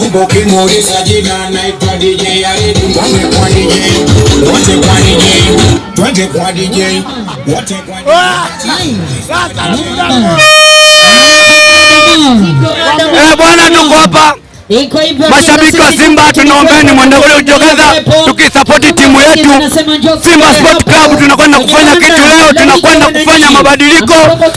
jina, naitwa DJ kwa DJ, wote kwa DJ, twende kwa DJ, wote kwa DJ. Eh, bwana tuko hapa Mashabiki wa Simba tunaombeni mwende kule kujitokeza, tukisapoti timu yetu Simba Sport Club. Tunakwenda kufanya kitu leo, tunakwenda kufanya mabadiliko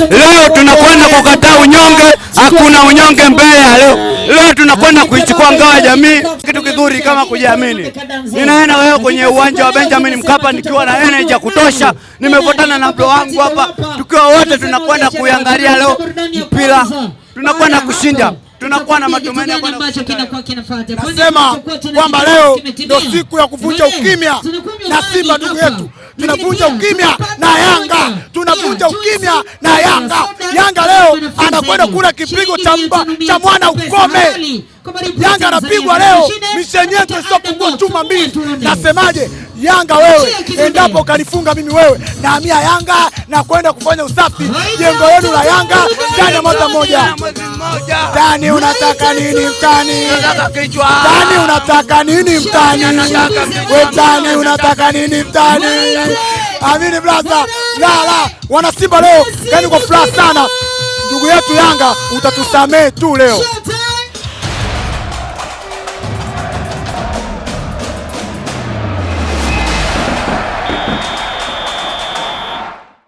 leo, tunakwenda kukataa unyonge. Hakuna unyonge mbele ya leo. Leo tunakwenda kuichukua ngao ya jamii, kitu kizuri kama kujiamini. Ninaenda wewe kwenye uwanja wa Benjamin Mkapa nikiwa na energy ya kutosha, nimepatana na bro wangu hapa, tukiwa wote tunakwenda kuiangalia leo mpira, tunakwenda kushinda tunakuwa na matumaini nasema kwamba leo ndio siku ya kuvunja ukimya na Simba ndugu yetu tunavunja ukimya na Yanga, tunavunja ukimya na Yanga. Yanga leo anakwenda kula kipigo cha cha mwana ukome. Yanga anapigwa leo, misheni yetu chuma mbili. Nasemaje? Yanga wewe, endapo ukalifunga mimi wewe naamia Yanga na kwenda kufanya usafi jengo lenu la Yanga ndani ya mwaka mmoja. Tani unataka nini mtani? Tani unataka nini mtani? We unataka nini mtani? Amini brother, la la, wana Simba leo yani kwa furaha sana, ndugu yetu Yanga utatusamee tu leo.